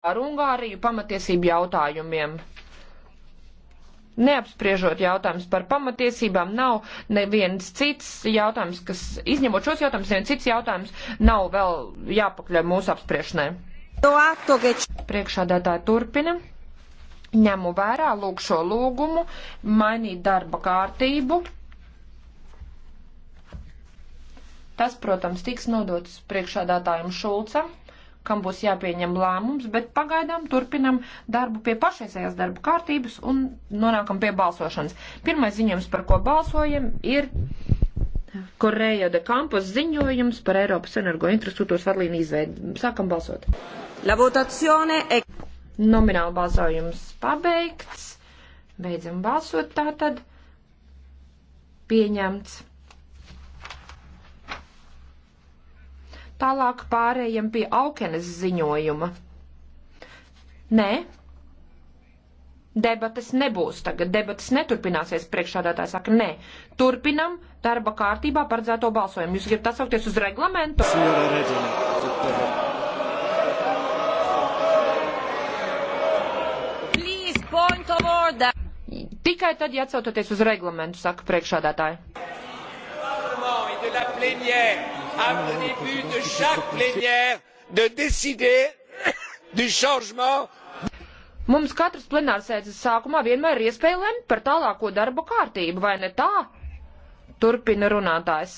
ar Ungāriju pamatiesību jautājumiem. Neapspriežot jautājums par pamatiesībām, nav neviens cits jautājums, kas, izņemot šos jautājumus, neviens cits jautājums nav vēl jāpakļauj mūsu apspriešanai. Priekšādātāja turpina. Ņemu vērā lūk šo lūgumu, mainīt darba kārtību. Tas, protams, tiks nodots priekšādātājiem Šulcam kam būs jāpieņem lēmums, bet pagaidām turpinam darbu pie pašreizējās darba kārtības un nonākam pie balsošanas. Pirmais ziņojums, par ko balsojam, ir Korejo de Campos ziņojums par Eiropas energoinfrastruktūras vadlīnu izveidu. Sākam balsot. La votazione è... Nomināli balsojums pabeigts. Beidzam balsot tātad. Pieņemts. Tālāk pārējiem pie Aukenes ziņojuma. Nē, Debates nebūs tagad, debates neturpināsies, priekšādātāja saka, nē. Turpinam darba kārtībā paredzēto balsojumu. Jūs gribat atsaukties uz reglamentu? Please, Tikai tad, ja atsaucaties uz reglamentu, saka priekšādātāja avant le début de chaque plénière de décider du changement. Mums katras plenārsēdes sākumā vienmēr ir iespēja lemt par tālāko darba kārtību, vai ne tā? Turpina runātājs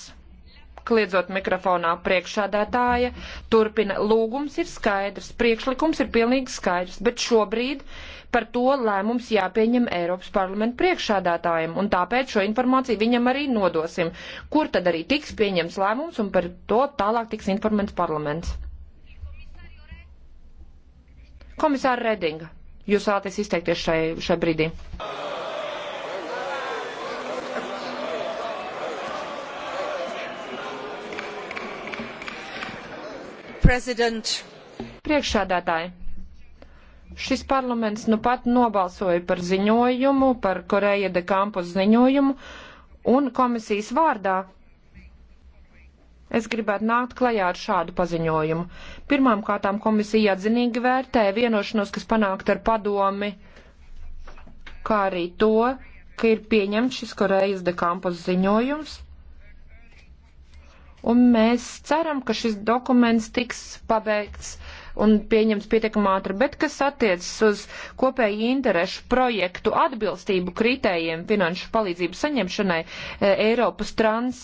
kliedzot mikrofonā priekšādātāja, turpina lūgums ir skaidrs, priekšlikums ir pilnīgi skaidrs, bet šobrīd par to lēmums jāpieņem Eiropas parlamenta priekšādātājiem, un tāpēc šo informāciju viņam arī nodosim, kur tad arī tiks pieņems lēmums, un par to tālāk tiks informēts parlaments. Komisāra Redinga, jūs vēlaties izteikties šai, šai brīdī? Priekšsādātāji, šis parlaments nu pat nobalsoja par ziņojumu, par Koreja de Campus ziņojumu, un komisijas vārdā es gribētu nākt klajā ar šādu paziņojumu. Pirmām kārtām komisija atzinīgi vērtē vienošanos, kas panākt ar padomi, kā arī to, ka ir pieņemts šis Korejas de Campus ziņojums Un mēs ceram, ka šis dokuments tiks pabeigts un pieņemts pietiekam ātri, bet kas attiecas uz kopēju interešu projektu atbilstību kritējiem finanšu palīdzību saņemšanai e, Eiropas trans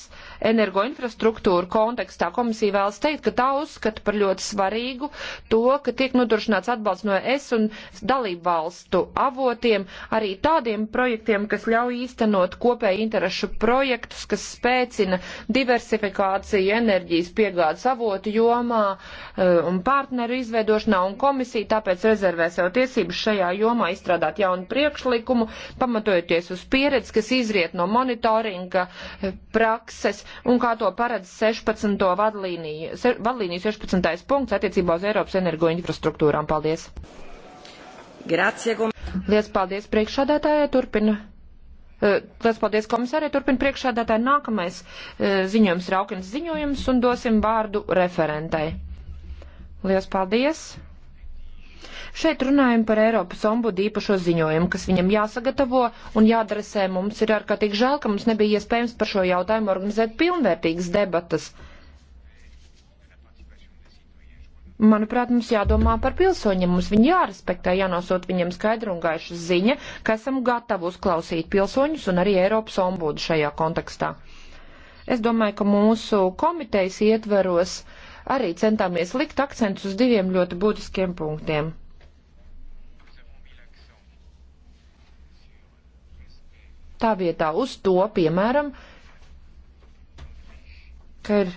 energoinfrastruktūru kontekstā. Komisija vēlas teikt, ka tā uzskata par ļoti svarīgu to, ka tiek nodrošināts atbalsts no es un dalību valstu avotiem, arī tādiem projektiem, kas ļauj īstenot kopēju interešu projektus, kas spēcina diversifikāciju enerģijas piegādes avotu jomā e, un partneru izveidošanā, un komisija tāpēc rezervē sev tiesības šajā jomā izstrādāt jaunu priekšlikumu, pamatojoties uz pieredzi, kas izriet no monitoringa eh, prakses, un kā to paredz 16. vadlīniju, vadlīniju 16. punkts attiecībā uz Eiropas energo infrastruktūrām. Paldies! Grazie, kom... Liels paldies priekšādātājai, turpina. Eh, liels paldies komisārai, turpina priekšādātāji. Nākamais eh, ziņojums ir Aukins ziņojums un dosim vārdu referentai. Lielas paldies! Šeit runājam par Eiropas ombudu īpašo ziņojumu, kas viņam jāsagatavo un jāadresē. Mums ir ārkārtīgi žēl, ka mums nebija iespējams par šo jautājumu organizēt pilnvērtīgas debatas. Manuprāt, mums jādomā par pilsoņiem, mums viņi jārespektē, jānosot viņiem skaidru un gaišu ziņa, ka esam gatavi uzklausīt pilsoņus un arī Eiropas ombudu šajā kontekstā. Es domāju, ka mūsu komitejas ietveros uh, arī centāmies likt akcentus uz diviem ļoti būtiskiem punktiem. Tā vietā uz to, piemēram, ka ir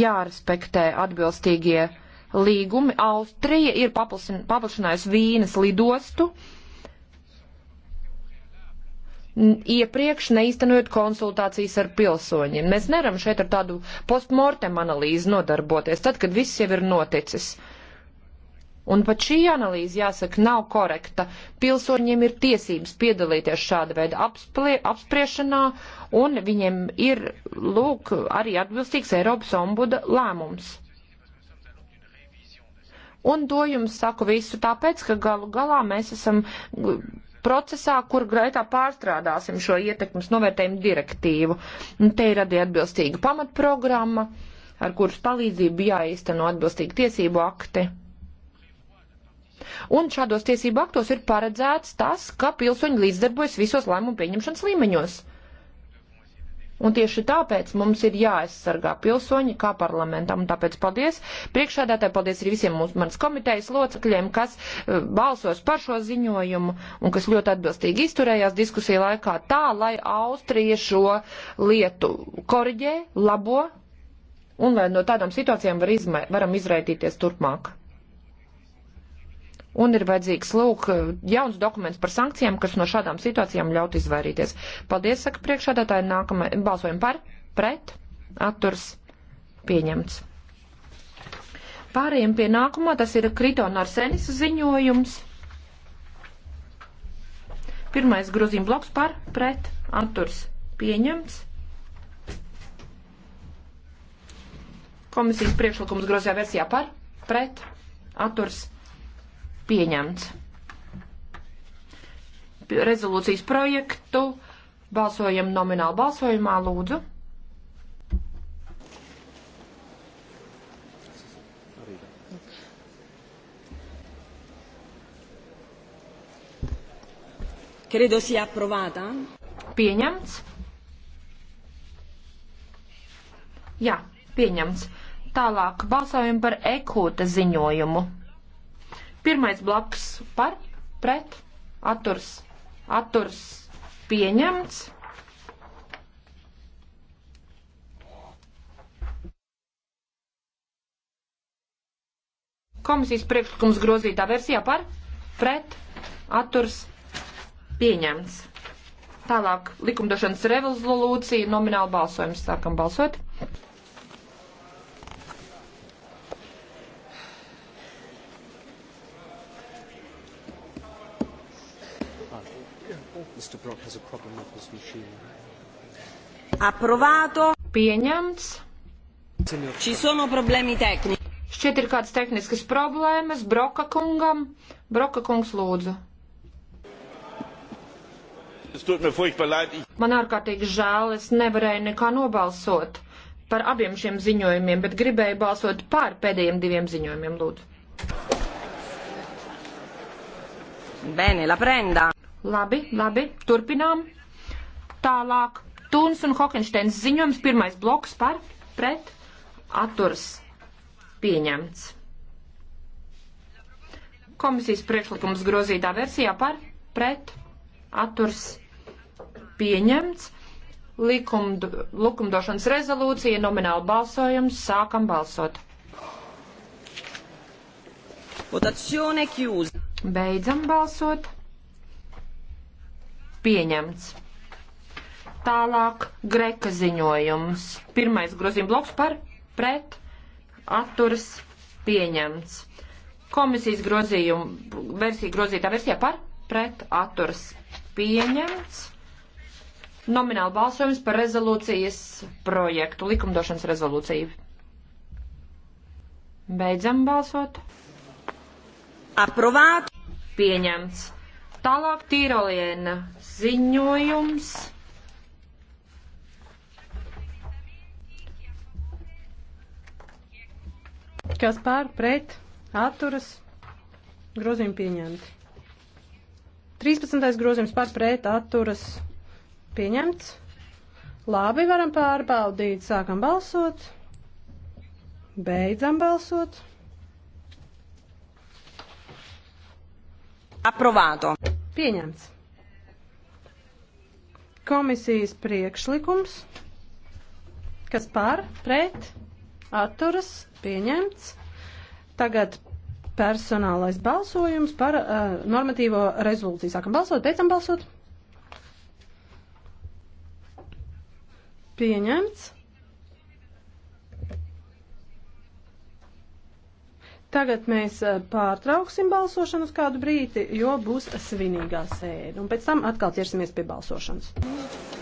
jārespektē atbilstīgie līgumi. Austrija ir paplašinājusi vīnas lidostu. Uh, iepriekš neiztenojot konsultācijas ar pilsoņiem. Mēs neram šeit ar tādu postmortem analīzi nodarboties, tad, kad viss jau ir noticis. Un pat šī analīze, jāsaka, nav korekta. Pilsoņiem ir tiesības piedalīties šāda veida apsplie, apspriešanā, un viņiem ir, lūk, arī atbilstīgs Eiropas ombuda lēmums. Un to jums saku visu tāpēc, ka galu galā mēs esam procesā, kur gaitā pārstrādāsim šo ietekmes novērtējumu direktīvu. Un te ir arī atbilstīga pamatprogramma, ar kuras palīdzību jāīsteno atbilstīgi tiesību akti. Un šādos tiesību aktos ir paredzēts tas, ka pilsoņi līdzdarbojas visos lēmumu pieņemšanas līmeņos. Un tieši tāpēc mums ir jāaizsargā pilsoņi kā parlamentam. Un tāpēc paldies priekšādātāji, paldies arī visiem mūsu manas komitejas locekļiem, kas eh, balsos par šo ziņojumu un kas ļoti atbilstīgi izturējās diskusiju laikā tā, lai Austrija šo lietu koriģē, labo un lai no tādām situācijām var izmai, varam izraitīties turpmāk un ir vajadzīgs, lūk, jauns dokuments par sankcijām, kas no šādām situācijām ļaut izvairīties. Paldies, saka priekšādātāji, nākamai balsojam par, pret, atturs, pieņemts. Pārējiem pie nākamā, tas ir Kritona Arsenis ziņojums. Pirmais grozījuma bloks par, pret, atturs, pieņemts. Komisijas priekšlikums grozījā versijā par, pret, atturs, pieņemts pieņemts. Rezolūcijas projektu balsojam nomināli balsojumā, lūdzu. Credo sia approvata. Pieņemts. Jā, pieņemts. Tālāk balsojam par ekūta ziņojumu. Pirmais bloks par, pret, atturs, atturs pieņemts. Komisijas priekšlikums grozītā versijā par, pret, atturs pieņemts. Tālāk likumdošanas revolūcija, nomināli balsojums, sākam balsot. fun. Mr. Brock has a problem with his machine. Approvato. Pieņemts. Ci sono problemi tecnici. Šķiet ir kādas tehniskas problēmas Broka kungam. Broka kungs lūdzu. Man ārkārtīgi žēl, es nevarēju nekā nobalsot par abiem šiem ziņojumiem, bet gribēju balsot pār pēdējiem diviem ziņojumiem, lūdzu. Bene, la prenda. Labi, labi, turpinām. Tālāk Tuns un Hokensteins ziņojums, pirmais bloks par pret atturs pieņemts. Komisijas priekšlikums grozītā versijā par pret atturs pieņemts. Likumd, likumdošanas rezolūcija, nomināli balsojums, sākam balsot. Votazione chiusa. Beidzam balsot pieņemts. Tālāk Greka ziņojums. Pirmais grozījuma bloks par pret atturas pieņemts. Komisijas grozījuma versija grozītā versijā par pret atturas pieņemts. Nomināli balsojums par rezolūcijas projektu, likumdošanas rezolūciju. Beidzam balsot. Aprovāt. Pieņemts. Tālāk tīroliena ziņojums. Kas pār pret atturas grozījumi pieņemti. 13. grozījums pār pret atturas pieņemts. Labi, varam pārbaudīt. Sākam balsot. Beidzam balsot. Aprovāto. Pieņemts. Komisijas priekšlikums, kas par, pret, atturas, pieņemts. Tagad personālais balsojums par uh, normatīvo rezolūciju. Sākam balsot, beidzam balsot. Pieņemts. Tagad mēs eh, pārtrauksim balsošanu uz kādu brīdi, jo būs svinīgā sēde. Un pēc tam atkal ķersimies pie balsošanas. Mm.